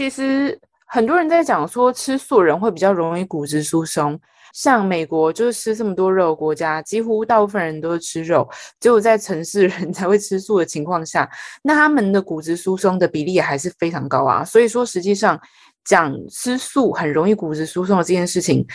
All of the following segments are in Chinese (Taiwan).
其實很多人在講說，吃素人會比較容易骨質疏鬆。像美國就是吃這麼多肉的國家，幾乎大部分人都是吃肉，結果在城市人才會吃素的情況下，那他們的骨質疏鬆的比例還是非常高啊。所以說，實際上講吃素很容易骨質疏鬆的這件事情，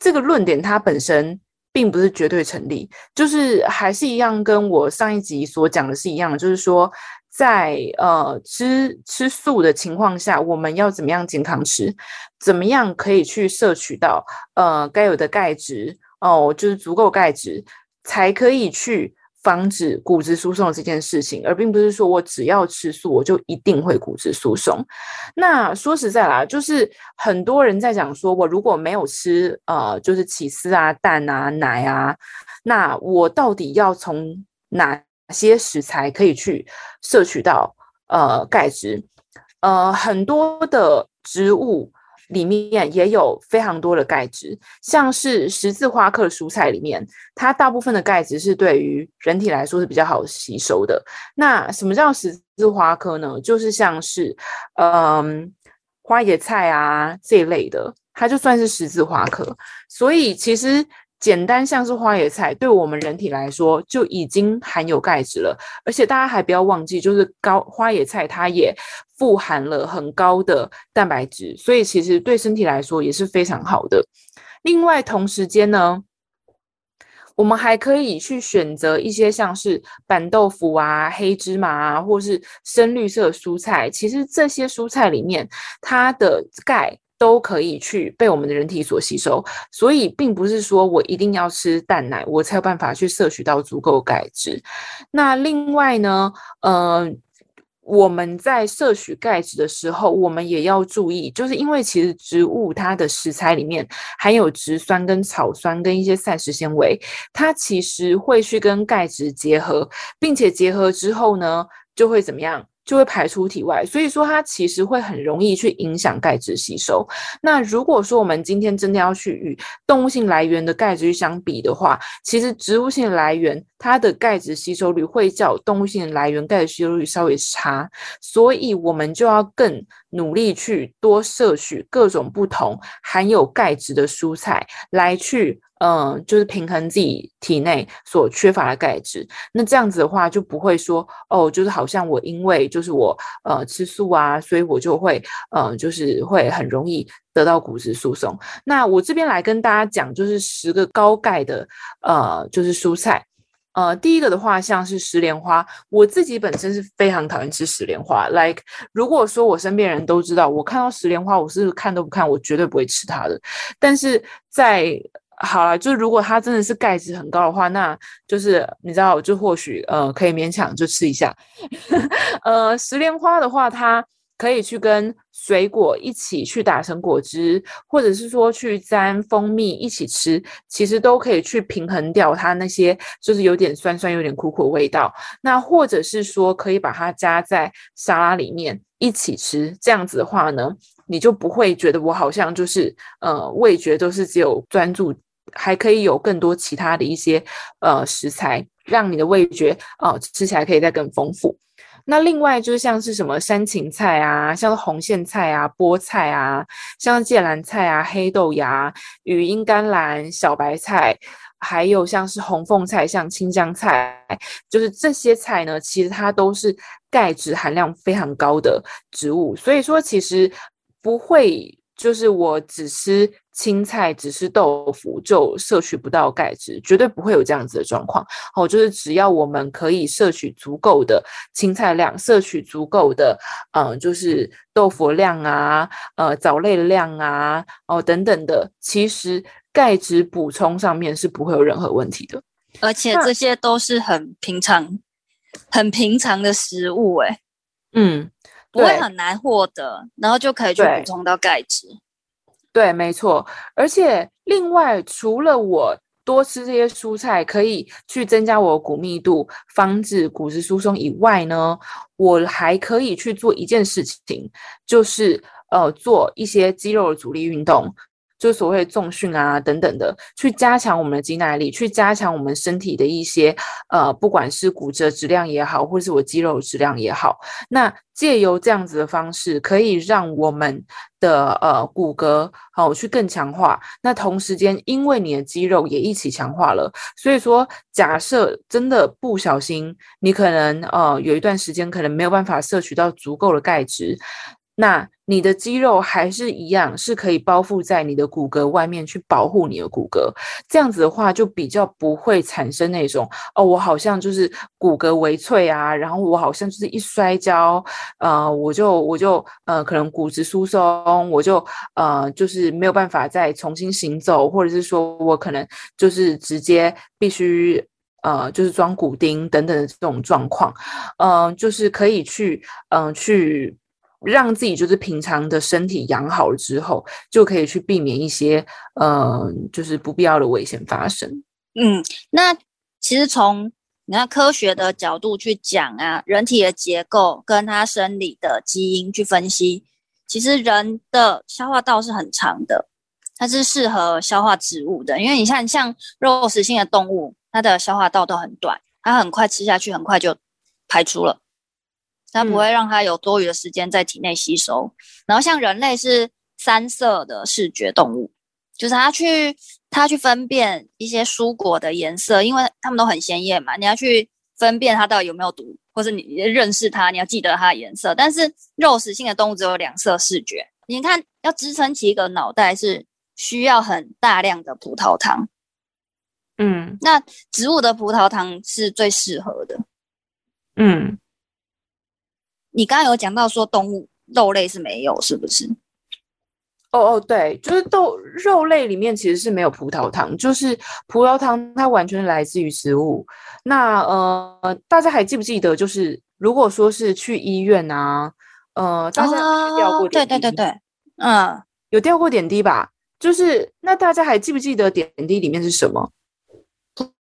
這個論點它本身並不是絕對成立，就是還是一樣跟我上一集所講的是一樣，就是說。在呃吃吃素的情況下，我們要怎麼樣健康吃？怎麼樣可以去攝取到呃該有的鈣質哦，就是足夠鈣質，才可以去防止骨質疏鬆的這件事情，而並不是說我只要吃素我就一定會骨質疏鬆。那說實在啦，就是很多人在講說，我如果沒有吃呃就是起司啊、蛋啊、奶啊，那我到底要從哪？哪些食材可以去攝取到呃鈣質？呃，很多的植物裡面也有非常多的鈣質，像是十字花科的蔬菜裡面，它大部分的鈣質是對於人體來說是比較好吸收的。那什麼叫十字花科呢？就是像是嗯、呃、花椰菜啊這一類的，它就算是十字花科。所以其實。簡單像是花椰菜，對我們人體來說就已經含有鈣質了。而且大家還不要忘記，就是高花椰菜它也富含了很高的蛋白質，所以其實對身體來說也是非常好的。另外同時間呢，我們還可以去選擇一些像是板豆腐啊、黑芝麻啊，或是深綠色蔬菜。其實這些蔬菜裡面，它的鈣。都可以去被我們的人體所吸收，所以並不是說我一定要吃蛋奶，我才有辦法去攝取到足夠鈣質。那另外呢，呃，我們在攝取鈣質的時候，我們也要注意，就是因為其實植物它的食材裡面含有植酸跟草酸跟一些膳食纖維，它其實會去跟鈣質結合，並且結合之後呢，就會怎麼樣？就會排出體外，所以說它其實會很容易去影響鈣質吸收。那如果說我們今天真的要去與動物性來源的鈣質相比的話，其實植物性來源它的鈣質吸收率會較動物性來源鈣質吸收率稍微差，所以我們就要更努力去多攝取各種不同含有鈣質的蔬菜來去。嗯、呃，就是平衡自己體內所缺乏的鈣質。那這樣子的話，就不會說哦，就是好像我因為就是我呃吃素啊，所以我就會嗯、呃，就是會很容易得到骨質疏鬆。那我這邊來跟大家講，就是十個高鈣的呃，就是蔬菜。呃，第一個的話，像是石蓮花。我自己本身是非常討厭吃石蓮花，like 如果說我身邊人都知道，我看到石蓮花，我是看都不看，我絕對不會吃它的。但是在好了，就如果它真的是鈣質很高的話，那就是你知道，就或許呃可以勉強就吃一下。 呃，石蓮花的話，它可以去跟水果一起去打成果汁，或者是說去沾蜂蜜一起吃，其實都可以去平衡掉它那些就是有點酸酸、有點苦苦的味道。那或者是說可以把它加在沙拉裡面一起吃，這樣子的話呢，你就不會覺得我好像就是呃味覺都是只有專注。還可以有更多其他的一些呃食材，讓你的味覺、呃、吃起來可以再更豐富。那另外就是像是什麼山芹菜啊、像紅莧菜啊、菠菜啊、像芥藍菜啊、黑豆芽、羽衣甘藍、小白菜，還有像是紅鳳菜、像青江菜，就是這些菜呢，其實它都是鈣質含量非常高的植物，所以說其實不會。就是我只吃青菜，只吃豆腐，就攝取不到鈣質，絕對不會有這樣子的狀況。哦，就是只要我們可以攝取足夠的青菜量，攝取足夠的，嗯、呃，就是豆腐量啊，呃，藻類量啊，哦等等的，其實鈣質補充上面是不會有任何問題的。而且這些都是很平常、很平常的食物，欸，哎，嗯。不會很難獲得，然後就可以去補充到鈣質。對，沒錯。而且另外，除了我多吃這些蔬菜可以去增加我骨密度，防止骨質疏鬆以外呢，我還可以去做一件事情，就是呃，做一些肌肉的阻力運動。就所謂重訓啊等等的，去加強我們的肌耐力，去加強我們身體的一些呃，不管是骨質質量也好，或是我肌肉質量也好，那借由這樣子的方式，可以讓我們的呃骨骼好、呃、去更強化。那同時間，因為你的肌肉也一起強化了，所以說假設真的不小心，你可能呃有一段時間可能沒有辦法攝取到足夠的鈣質。那你的肌肉還是一樣，是可以包覆在你的骨骼外面去保護你的骨骼。這樣子的話，就比較不會產生那種哦，我好像就是骨骼微脆啊，然後我好像就是一摔跤，呃，我就我就呃，可能骨質疏鬆，我就呃，就是沒有辦法再重新行走，或者是說我可能就是直接必須呃，就是裝骨釘等等的這種狀況。嗯、呃，就是可以去嗯、呃、去。讓自己就是平常的身體養好了之後，就可以去避免一些嗯、呃、就是不必要的危險發生。嗯，那其實從你看科學的角度去講啊，人體的結構跟它生理的基因去分析，其實人的消化道是很長的，它是適合消化植物的。因為你看，像肉食性的動物，它的消化道都很短，它很快吃下去，很快就排出了。它不會讓它有多餘的時間在體內吸收。嗯。然後，像人類是三色的視覺動物，就是它去它去分辨一些蔬果的顏色，因為它們都很鮮艷嘛。你要去分辨它到底有沒有毒，或是你認識它，你要記得它的顏色。但是肉食性的動物只有兩色視覺。你看，要支撐起一個腦袋是需要很大量的葡萄糖。嗯，那植物的葡萄糖是最適合的。嗯。你剛剛有講到說，動物肉類是沒有，是不是？哦哦，對，就是豆肉類裡面其實是沒有葡萄糖，就是葡萄糖它完全來自於食物。那呃，大家還記不記得，就是如果說是去醫院啊，呃，大家有、oh, 吊過點滴，對對對對，嗯，有吊過點滴吧？就是那大家還記不記得點滴裡面是什麼？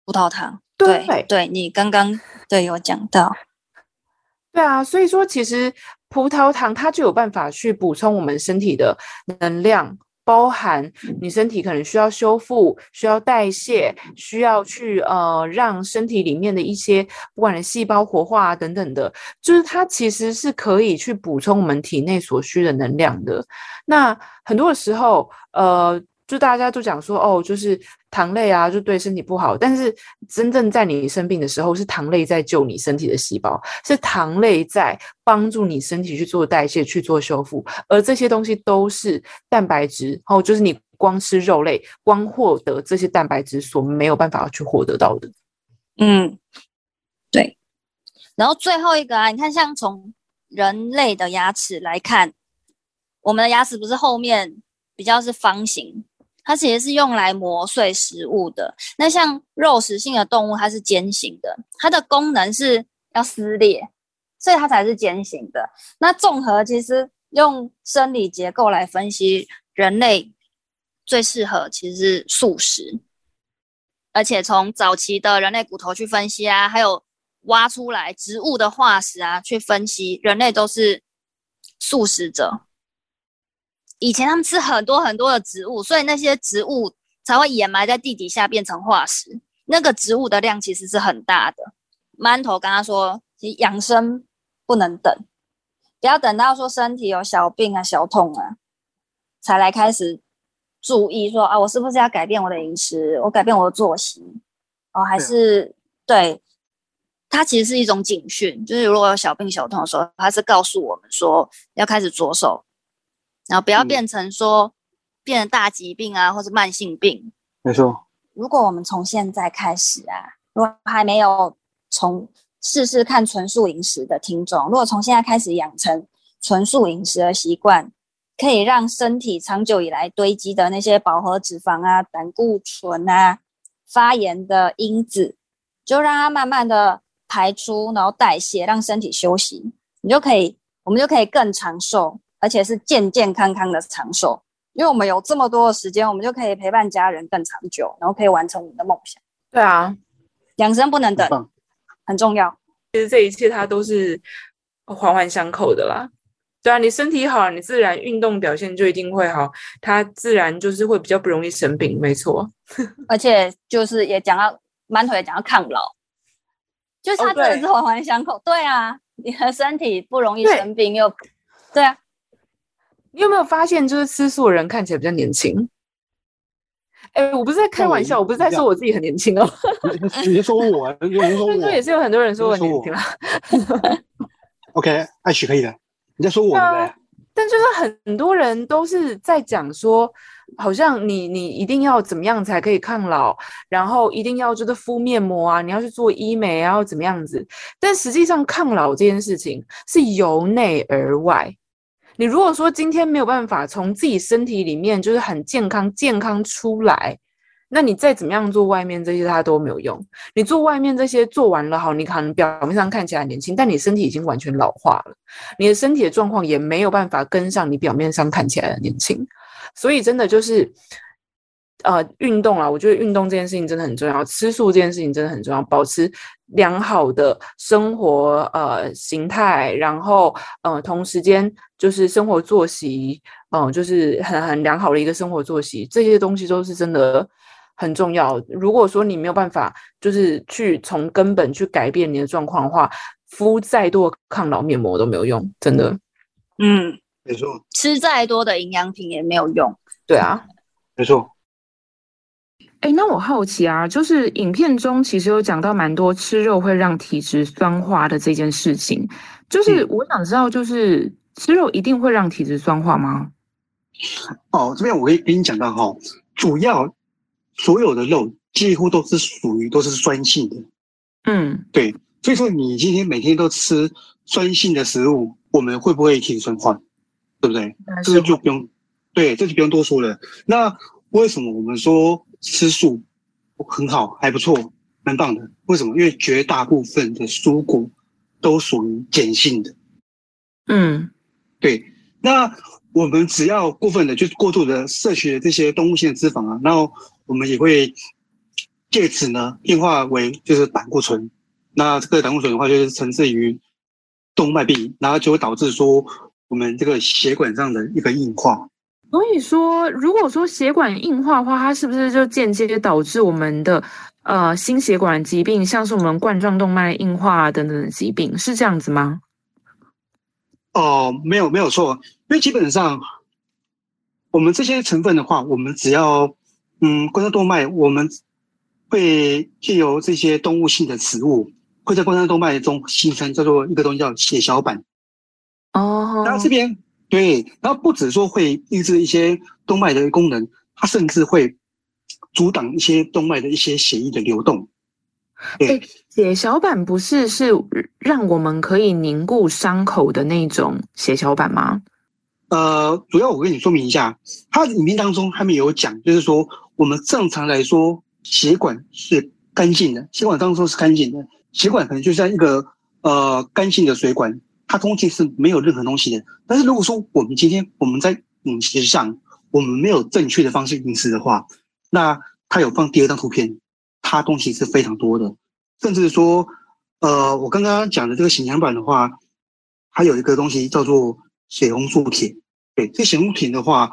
葡萄糖。對，對，對你剛剛對有講到。對啊，所以說其實葡萄糖它就有辦法去補充我們身體的能量，包含你身體可能需要修復、需要代謝、需要去呃讓身體裡面的一些，不管是細胞活化啊等等的，就是它其實是可以去補充我們體內所需的能量的。那很多的時候，呃。就大家都講說哦，就是糖類啊，就對身體不好。但是真正在你生病的時候，是糖類在救你身體的細胞，是糖類在幫助你身體去做代謝、去做修復。而這些東西都是蛋白質，然後、哦、就是你光吃肉類，光獲得這些蛋白質所沒有辦法去獲得到的。嗯，對。然後最後一個啊，你看，像從人類的牙齒來看，我們的牙齒不是後面比較是方形，它其實是用來磨碎食物的。那像肉食性的動物，它是尖形的，它的功能是要撕裂，所以它才是尖形的。那綜合其實用生理結構來分析，人類最適合其實是素食。而且從早期的人類骨頭去分析啊，還有挖出來植物的化石啊，去分析人類都是素食者。以前他們吃很多很多的植物，所以那些植物才會掩埋在地底下變成化石。那個植物的量其實是很大的。饅頭跟他說，你養生不能等，不要等到說身體有小病啊、小痛啊，才來開始注意說啊，我是不是要改變我的飲食？我改變我的作息？哦，還是對，對，它其實是一種警訊，就是如果有小病小痛的時候，它是告訴我們說要開始着手。然後不要變成說，變成大疾病啊，嗯、或是慢性病。沒錯，如果我們從現在開始啊，如果還沒有從試試看純素飲食的聽眾，如果從現在開始養成純素飲食的習慣，可以讓身體長久以來堆積的那些飽和脂肪啊、膽固醇啊、發炎的因子，就讓它慢慢的排出，然後代謝，讓身體休息，你就可以，我們就可以更長壽。而且是健健康康的長壽，因為我們有這麼多的時間，我們就可以陪伴家人更長久，然後可以完成我們的夢想。對啊，養生不能等，嗯，很重要。其實這一切它都是環環相扣的啦。對啊，你身體好，你自然運動表現就一定會好，它自然就是會比較不容易生病，沒錯。 而且就是也講到滿腿也講到抗老，就是它真的是環環相扣，哦對。對啊，你的身體不容易生病，對，又對啊。你有沒有發現，就是吃素的人看起來比較年輕？哎、欸，我不是在開玩笑我，我不是在說我自己很年輕哦。 你在說我，你在說我 也是有很多人說我，說我年輕啦。 OK，愛許可以的，你在說我唄。但就是很多人都是在講說，好像你你一定要怎麼樣才可以抗老，然後一定要就是敷面膜啊，你要去做醫美、啊，然後怎麼樣子？但實際上，抗老這件事情是由內而外。你如果說今天沒有辦法從自己身體裡面就是很健康，健康出來，那你再怎麼樣做外面這些它都沒有用。你做外面這些做完了好，你可能表面上看起來很年輕，但你身體已經完全老化了，你的身體的狀況也沒有辦法跟上你表面上看起來的年輕，所以真的就是。呃，運動啊，我覺得運動這件事情真的很重要。吃素這件事情真的很重要，保持良好的生活呃形態，然後呃同時間就是生活作息，嗯、呃，就是很很良好的一個生活作息，這些東西都是真的很重要。如果說你沒有辦法，就是去從根本去改變你的狀況的話，敷再多抗老面膜都沒有用，真的嗯。嗯，沒錯。吃再多的營養品也沒有用。對啊，沒錯。哎，那我好奇啊，就是影片中其實有講到蠻多吃肉會讓體質酸化的這件事情，就是我想知道，就是吃肉一定會讓體質酸化嗎？嗯、哦，這邊我可以給你講到哈、哦，主要所有的肉幾乎都是屬於都是酸性的，嗯，對，所以說你今天每天都吃酸性的食物，我們會不會體質酸化？對不對？這個就不用，對，這就不用多說了。那為什麼我們說？吃素很好，還不錯，蠻棒的。為什麼？因為絕大部分的蔬果都屬於鹼性的。嗯，對。那我們只要過分的，就是過度的攝取了這些動物性的脂肪啊，那我們也會借此呢，硬化為就是膽固醇。那這個膽固醇的話，就是沉滯於動脈壁，然後就會導致說我們這個血管上的一個硬化。所以說，如果說血管硬化的話，它是不是就間接就導致我們的呃心血管疾病，像是我們冠狀動脈硬化等等的疾病，是這樣子嗎？哦，沒有沒有錯，因為基本上我們這些成分的話，我們只要嗯冠狀動脈，我們會借由這些動物性的食物會在冠狀動脈中形成叫做一個東西叫血小板。哦，然後這邊。對，然後不止說會抑制一些動脈的功能，它甚至會阻擋一些動脈的一些血液的流動。對，欸、血小板不是是讓我們可以凝固傷口的那種血小板嗎？呃，主要我跟你說明一下，它的影片當中他們有講，就是說我們正常來說血管是乾淨的，血管當中是乾淨的，血管可能就像一個呃乾淨的水管。它東西是沒有任何東西的。但是如果說我們今天我們在飲食上我們沒有正確的方式飲食的話，那它有放第二張圖片，它東西是非常多的。甚至說，呃，我剛剛講的這個形象版的話，還有一個東西叫做血紅素鐵。對，這血紅素鐵的話，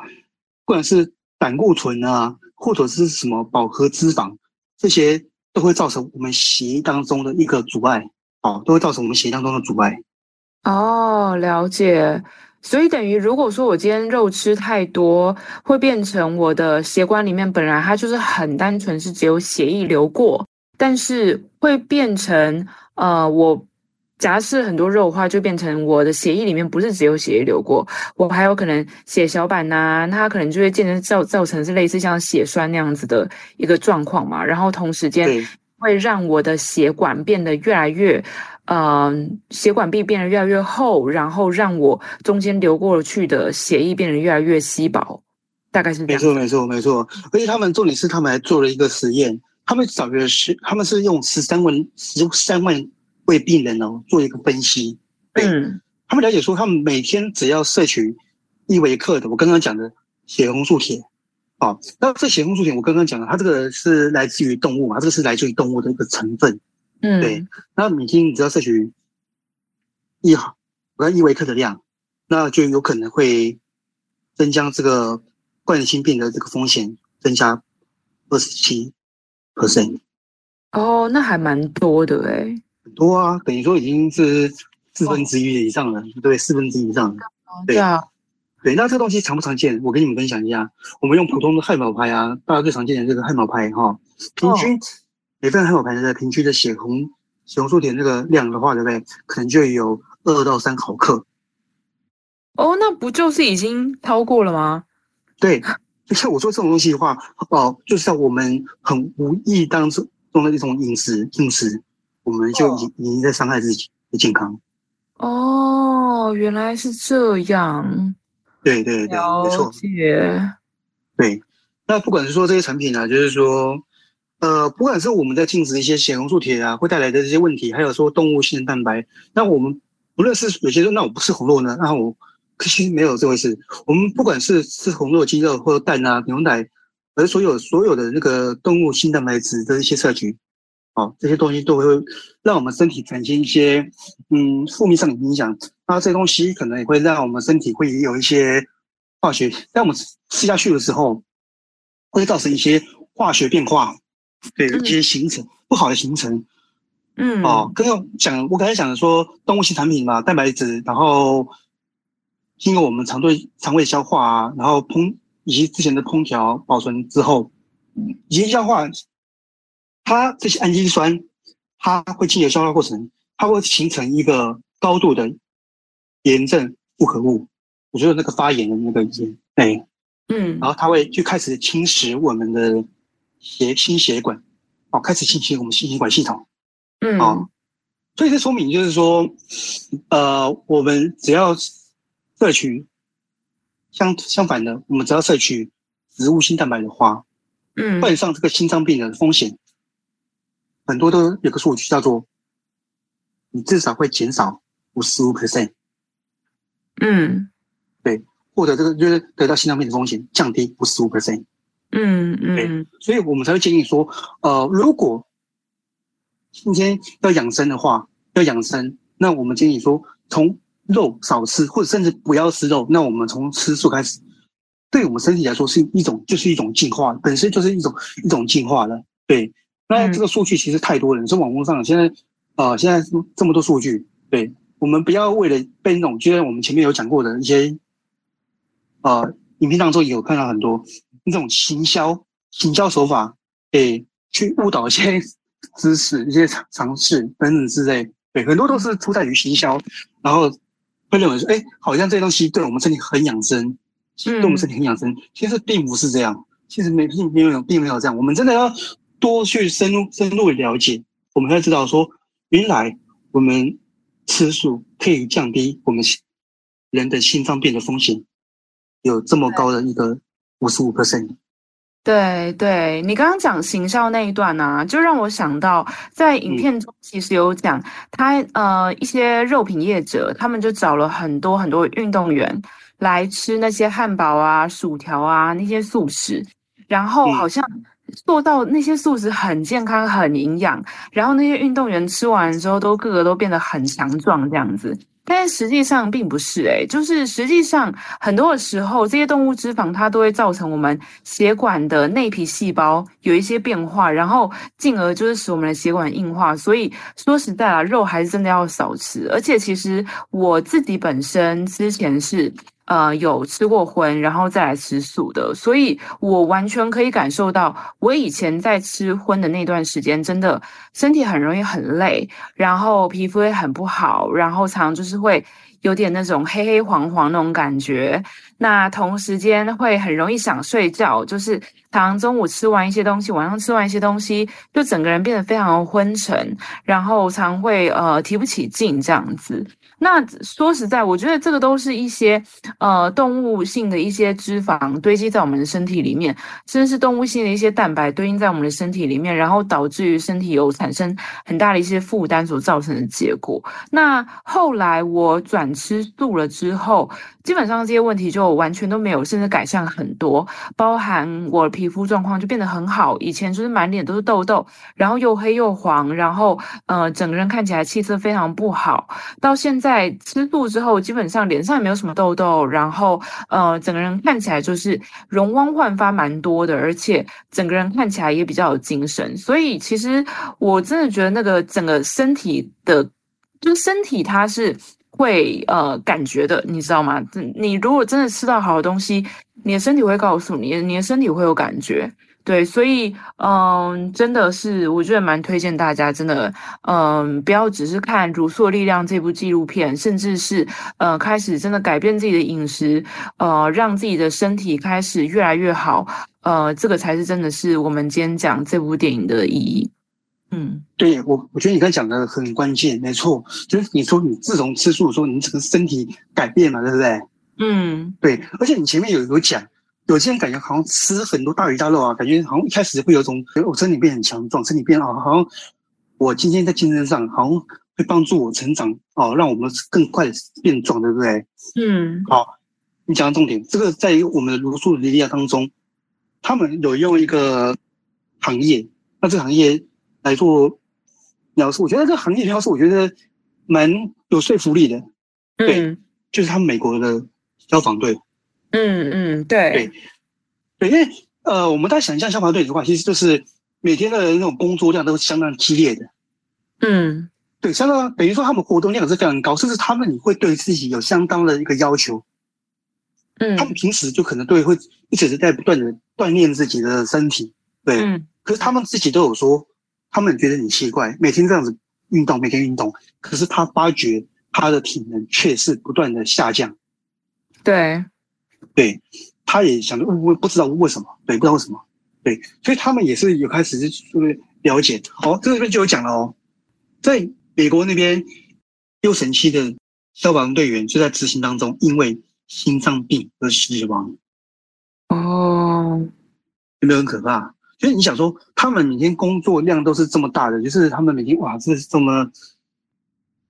不管是膽固醇啊，或者是什麼飽和脂肪，這些都會造成我們血液當中的一個阻礙，啊、哦，都會造成我們血液當中的阻礙。哦、oh，了解。所以等於，如果說我今天肉吃太多，會變成我的血管裡面本來它就是很單純，是只有血液流過，但是會變成呃，我假設很多肉的話，就變成我的血液裡面不是只有血液流過，我還有可能血小板吶、啊，它可能就會漸漸造造成是類似像血栓那樣子的一個狀況嘛，然後同時間會讓我的血管變得越來越。嗯，血管壁變得越來越厚，然後讓我中間流過去的血液變得越來越稀薄，大概是這樣子。沒錯，沒錯，沒錯。而且他們重點是，他們還做了一個實驗，他們找的是，他們是用十三萬十三萬位病人哦做一個分析。嗯，他們了解說，他們每天只要攝取一微克的我剛剛講的血紅素鐵啊、哦，那這血紅素鐵我剛剛講了，它這個是來自於動物嘛？這個是來自於動物的一個成分。嗯，對，那每天你只要攝取一，我要一微克的量，那就有可能會增加這個冠心病的這個風險增加二十七 percent。哦，那還蠻多的誒，很多啊，等於說已經是四分之一以上了，哦、對，四分之一以上了、哦，對啊，對，那這個東西常不常見？我跟你們分享一下，我們用普通的漢堡排啊，大家最常見的這個漢堡排哈、哦，平均、哦。每份很有牌子的平均的血紅血紅素鐵那個量的話，對不對？可能就有二到三毫克。哦、oh,，那不就是已經超過了嗎？對，就像我說這種東西的話， 哦，就是像我們很無意當中中的一種飲食飲食，我們就已經、oh. 已經在傷害自己的健康。哦、oh,，原來是這樣。對對對，對，沒錯。對，那不管是說這些產品呢、啊，就是說。呃，不管是我們在禁止一些血紅素鐵啊，會帶來的這些問題，還有說動物性蛋白，那我們不論是有些人，那我不吃紅肉呢，那我，可惜沒有這回事。我們不管是吃紅肉、雞肉或者蛋啊、牛奶，而所有所有的那個動物性蛋白質的一些攝取，好、啊，這些東西都會讓我們身體產生一些嗯負面上的影響。那這些東西可能也會讓我們身體會有一些化學，在我們吃下去的時候，會造成一些化學變化。對，這些形成，嗯、不好的形成，嗯，哦，剛剛講我剛才講的說動物性產品嘛，蛋白質，然後經過我們腸對腸胃消化啊，然後烹以及之前的烹調保存之後，已經消化，它這些氨基酸，它會進行消化過程，它會形成一個高度的炎症複合物，我覺得那個發炎的那個炎，對，哎，嗯，然後它會就開始侵蝕我們的。血心血管，哦，開始侵襲，我們心血管系統，嗯、哦，所以這說明就是說，呃，我們只要攝取相相反的，我們只要攝取植物性蛋白的話，嗯，患上這個心臟病的風險很多都有個數據叫做，你至少會減少五十五 percent，嗯，對，或者這個就是得到心臟病的風險降低五十五 percent。嗯嗯，所以，我們才會建議說，呃，如果今天要養生的話，要養生，那我們建議說，從肉少吃，或者甚至不要吃肉，那我們從吃素開始，對我們身體來說是一種，就是一種進化，本身就是一種一種進化的。對，那這個數據其實太多了，你、嗯、說網絡上現在啊、呃，現在這麼多數據，對，我們不要為了被那種，就像我們前面有講過的一些，呃，影片當中也有看到很多。那種行銷行銷手法，哎、欸，去誤導一些知識、一些嘗試等等之類，對，很多都是出在於行銷，然後會認為說，哎、欸，好像這些東西對我們身體很養生，對，我們身體很養生，其實並不是這樣，其實沒並沒有並沒有這樣，我們真的要多去深入深入的了解，我們才知道說，原來我們吃素可以降低我們心人的心臟病的風險，有這麼高的一個。五十五個聲音，對對，你剛剛講行銷那一段呢、啊，就讓我想到在影片中其實有講，嗯、他呃一些肉品業者，他們就找了很多很多運動員來吃那些漢堡啊、薯條啊那些素食，然後好像做到那些素食很健康、很營養，然後那些運動員吃完之後都個個都變得很強壯這樣子。但是實際上並不是欸，就是實際上很多的時候，這些動物脂肪它都會造成我們血管的內皮細胞有一些變化，然後進而就是使我們的血管硬化。所以說實在啊，肉還是真的要少吃。而且其實我自己本身之前是。呃，有吃過葷，然後再來吃素的，所以我完全可以感受到，我以前在吃葷的那段時間，真的身體很容易很累，然後皮膚也很不好，然後常常就是會有點那種黑黑黃黃那種感覺。那同時間會很容易想睡覺，就是常常中午吃完一些東西，晚上吃完一些東西，就整個人變得非常的昏沉，然後常會呃提不起勁這樣子。那說實在，我覺得這個都是一些呃動物性的一些脂肪堆積在我們的身體裡面，甚至是動物性的一些蛋白堆積在我們的身體裡面，然後導致於身體有產生很大的一些負擔所造成的結果。那後來我轉吃素了之後，基本上這些問題就完全都沒有，甚至改善了很多，包含我皮膚狀況就變得很好。以前就是滿臉都是痘痘，然後又黑又黃，然後呃整個人看起來氣色非常不好，到現在。在吃素之後，基本上臉上也沒有什麼痘痘，然後呃，整個人看起來就是容光煥發，蠻多的，而且整個人看起來也比較有精神。所以其實我真的覺得那個整個身體的，就身體它是會呃感覺的，你知道嗎？你如果真的吃到好的東西，你的身體會告訴你，你的身體會有感覺。對，所以嗯、呃，真的是，我覺得蠻推薦大家，真的，嗯、呃，不要只是看《茹素力量》這部紀錄片，甚至是呃，開始真的改變自己的飲食，呃，讓自己的身體開始越來越好，呃，這個才是真的是我們今天講這部電影的意義。嗯，對我，我覺得你剛才講的很關鍵，沒錯，就是你說你自從吃素，說你整個身體改變了，對不對？嗯，對，而且你前面有有講。有些人感覺好像吃很多大魚大肉啊，感覺好像一開始會有種我身體變很強壯，身體變啊、哦，好像我今天在精神上好像會幫助我成長哦，讓我們更快變壯，對不對？嗯，好，你講重點，這個在我們的茹素的力量當中，他們有用一個行業，那這個行業來做描述，我覺得這個行業描述我覺得蠻有說服力的。對、嗯，就是他們美國的消防隊。嗯嗯，對對對，因為呃，我們在想象消防隊的話，其實就是每天的那種工作量都是相當激烈的。嗯，對，相當等於說他們活動量是非常高，甚至他們也會對自己有相當的一個要求。嗯，他們平時就可能對會一直在不斷的鍛鍊自己的身體。對、嗯，可是他們自己都有說，他們覺得很奇怪，每天這樣子運動，每天運動，可是他發覺他的體能卻是不斷的下降。對。對，他也想着，不不不知道為什麼，對，不知道為什麼，對，所以他們也是有開始就是了解。好、哦，這個裡面就有講了哦，在美國那邊，六成七的消防隊員就在執行當中，因為心臟病而死亡。哦，有沒有很可怕？就是你想說，他們每天工作量都是這麼大的，就是他們每天哇，這是這麼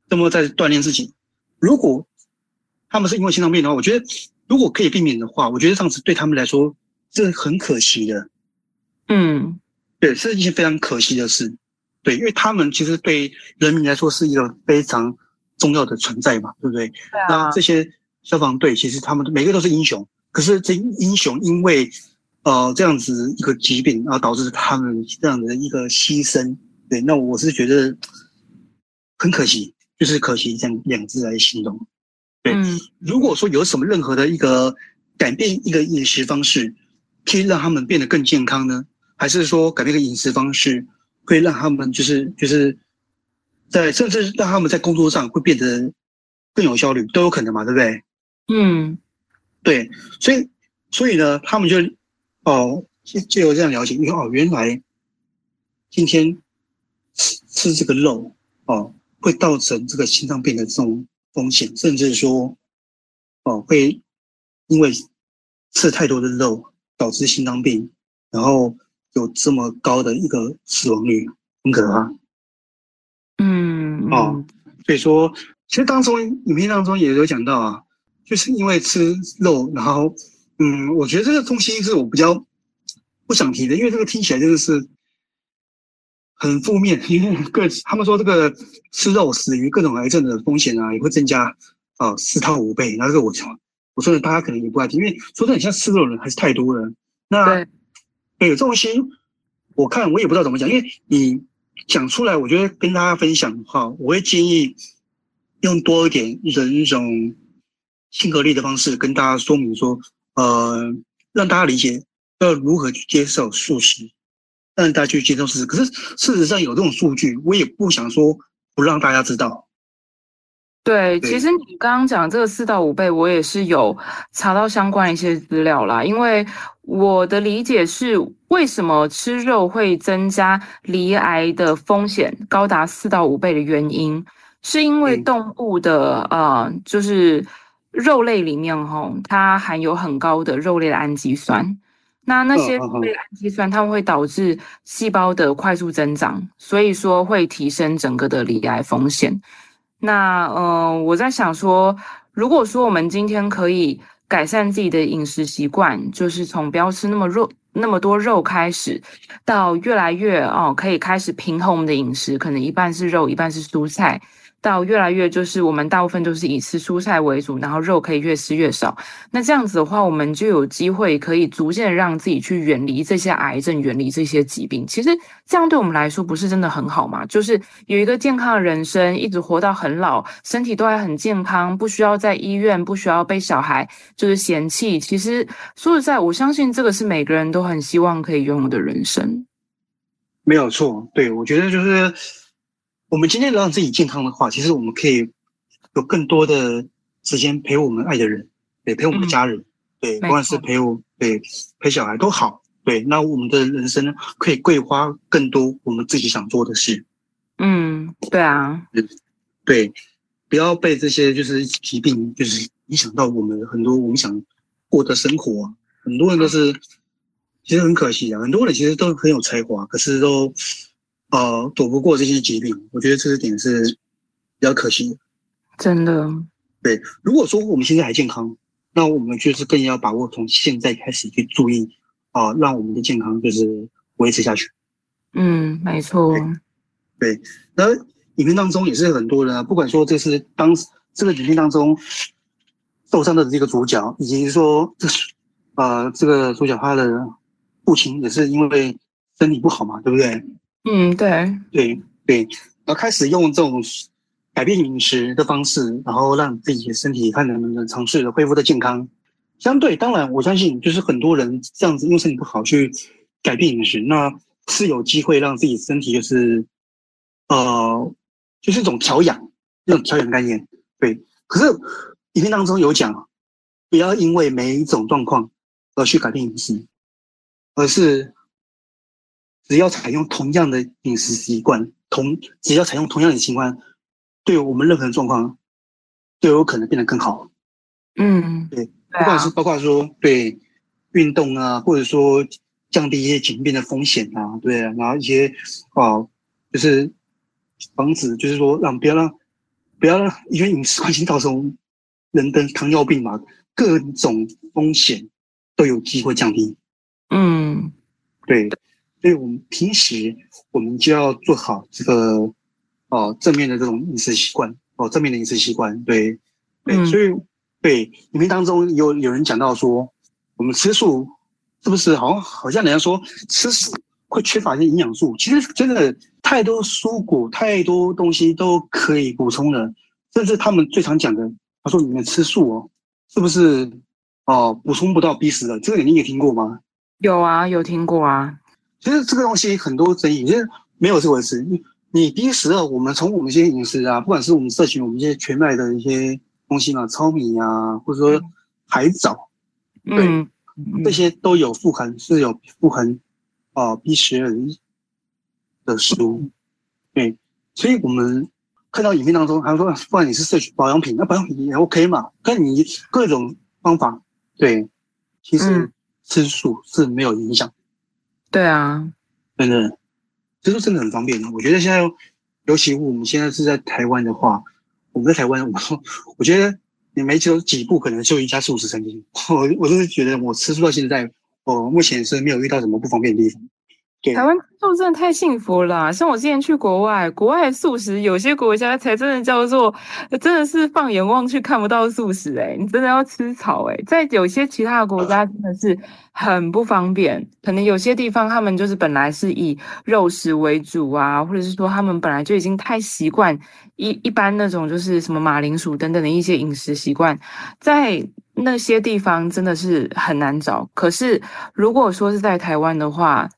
這麼在鍛鍊自己。如果他們是因為心臟病的話，我覺得。如果可以避免的話，我覺得這樣子對他們來說這是很可惜的。嗯，對，這是一件非常可惜的事。對，因為他們其實對人民來說是一個非常重要的存在嘛，對不對？對啊、那這些消防隊其實他們每個都是英雄，可是這英雄因為呃這樣子一個疾病，而導致他們這樣的一個犧牲。對，那我是覺得很可惜，就是可惜這樣兩字來形容。嗯，如果說有什麼任何的一個改變，一個飲食方式，可以讓他們變得更健康呢？還是說改變個飲食方式，會讓他們就是就是在，在甚至讓他們在工作上會變得更有效率，都有可能嘛？對不對？嗯，對，所以所以呢，他們就哦，就藉由這樣了解，因為哦，原來今天吃，吃這個肉哦，會造成這個心臟病的這種風險，甚至說，哦，會因為吃太多的肉導致心臟病，然後有這麼高的一個死亡率，很可怕。嗯，哦，所以說，其實當中影片當中也有講到啊，就是因為吃肉，然後，嗯，我覺得這個東西是我比較不想提的，因為這個聽起來真的是。很負面，因為個，他們說這個吃肉死於各種癌症的風險啊，也會增加啊、呃、四到五倍。那這個我我說的大家可能也不愛聽，因為說的很像吃肉的人還是太多了。那對有、欸、這種心，我看我也不知道怎麼講，因為你講出來，我覺得跟大家分享的話，我會建議用多一點人種親和力的方式跟大家說明說，呃，讓大家理解要如何去接受素食。讓大家去接受事實，可是事實上有這種數據，我也不想說不讓大家知道。對，對其實你剛剛講這個四到五倍，我也是有查到相關的一些資料啦。因為我的理解是，為什麼吃肉會增加罹癌的風險高達四到五倍的原因，是因為動物的啊、嗯呃，就是肉類裡面吼，它含有很高的肉類的氨基酸。那那些非氨基酸，它們會導致細胞的快速增長，所以說會提升整個的罹癌風險。那呃，我在想說，如果說我們今天可以改善自己的飲食習慣，就是從不要吃那麼肉那麼多肉開始，到越來越哦、呃，可以開始平衡我們的飲食，可能一半是肉，一半是蔬菜。到越來越就是我們大部分都是以吃蔬菜為主，然後肉可以越吃越少。那這樣子的話，我們就有機會可以逐漸讓自己去遠離這些癌症，遠離這些疾病。其實這樣對我們來說不是真的很好嗎？就是有一個健康的人生，一直活到很老，身體都還很健康，不需要在醫院，不需要被小孩，就是嫌棄。其實說實在，我相信這個是每個人都很希望可以擁有的人生。沒有錯，對，我覺得就是。我們今天讓自己健康的話，其實我們可以有更多的時間陪我們愛的人，也陪我們的家人、嗯，對，不管是陪我，對，陪小孩都好，對。那我們的人生可以規劃更多我們自己想做的事。嗯，對啊，對，對不要被這些就是疾病就是影響到我們很多，我們想過的生活、啊。很多人都是、嗯，其實很可惜啊，很多人其實都很有才華，可是都。呃，躲不過這些疾病，我覺得這個點是比較可惜的。真的，對。如果說我們現在還健康，那我們就是更要把握從現在開始去注意，啊、呃，讓我們的健康就是維持下去。嗯，沒錯。對。那影片當中也是很多人，啊，不管說這是當時這個影片當中受傷的這個主角，以及說呃這個主角他的父親也是因為身體不好嘛，對不對？嗯，對對對，然後開始用這種改變飲食的方式，然後讓自己的身體看能不能嘗試恢復的健康。相對當然，我相信就是很多人這樣子，因為身體不好去改變飲食，那是有機會讓自己身體就是，呃，就是一種調養，一種調養概念。對，可是影片當中有講，不要因為每一種狀況而去改變飲食，而是。只要採用同樣的飲食習慣，同只要採用同樣的習慣，對我們任何的狀況都有可能變得更好。嗯，對，不管是包括說對運動啊，或者說降低一些疾病的風險啊，對啊，然後一些啊，就是防止，就是說讓不要讓不要讓因為飲食關係造成人的糖尿病嘛，各種風險都有機會降低。嗯，對。所以我們平時我們就要做好這個哦、呃，正面的這種飲食習慣哦、呃，正面的飲食習慣。對，對，嗯、所以對影片當中有有人講到說，我們吃素是不是好像好像人家說吃素會缺乏一些營養素？其實真的太多蔬果，太多東西都可以補充了。甚至他們最常講的，他說你們吃素哦，是不是哦、呃、補充不到 B 十的？這個你有聽過嗎？有啊，有聽過啊。其實這個東西很多爭議，就是沒有這回事。你你 B 十二，我們從我們一些飲食啊，不管是我們攝取，我們一些全麥的一些東西嘛，糙米啊，或者說海藻，對，嗯、這些都有富含是有富含哦 B 十二的食物。對，所以我們看到影片當中，他說不管你是攝取保養品，那、啊、保養品也 OK 嘛。但你各種方法，對，其實吃素是沒有影響。嗯對啊，真的，這都真的很方便的。我覺得現在，尤其我們現在是在台灣的話，我們在台灣，我說，我覺得你沒走幾步，可能就一家素食餐廳。我我就是覺得，我吃素到現在，我、呃、目前是沒有遇到什麼不方便的地方。台灣就真的太幸福了啊，像我之前去國外，國外素食有些國家才真的叫做，真的是放眼望去看不到素食誒、欸、你真的要吃草誒、欸、在有些其他的國家真的是很不方便，可能有些地方他們就是本來是以肉食為主啊，或者是說他們本來就已經太習慣，一一般那種就是什麼馬鈴薯等等的一些飲食習慣，在那些地方真的是很難找。可是如果說是在台灣的話。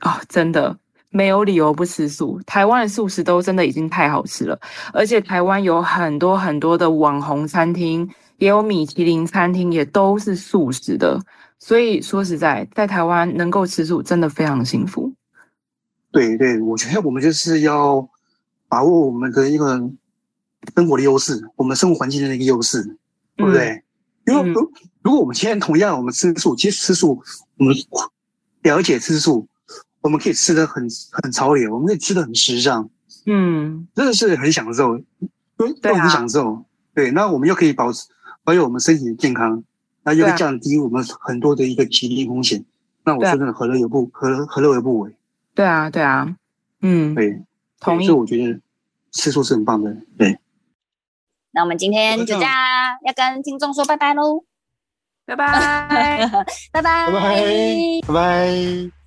啊、哦，真的沒有理由不吃素。台灣的素食都真的已經太好吃了，而且台灣有很多很多的網紅餐廳，也有米其林餐廳，也都是素食的。所以說實在，在台灣能夠吃素，真的非常幸福。對，對，我覺得我們就是要把握我們的一個生活的優勢，我們生活環境的一個優勢，嗯、對不對？因為如、嗯、如果我們現在同樣我們吃素，其實吃素，我們了解吃素。我們可以吃得很很潮流，我們可以吃得很時尚，嗯，真的是很享受，都、啊、都很享受，對。那我們又可以保持，保有我們身體的健康，那又會降低我們很多的一個疾病風險。啊、那我說真的何樂而不何何樂而不為？對啊，對啊，嗯，對，同意。所以我覺得吃素是很棒的，對。那我們今天就這樣，這樣要跟聽眾說拜拜嘍，拜，拜 拜，拜拜，拜拜。Bye bye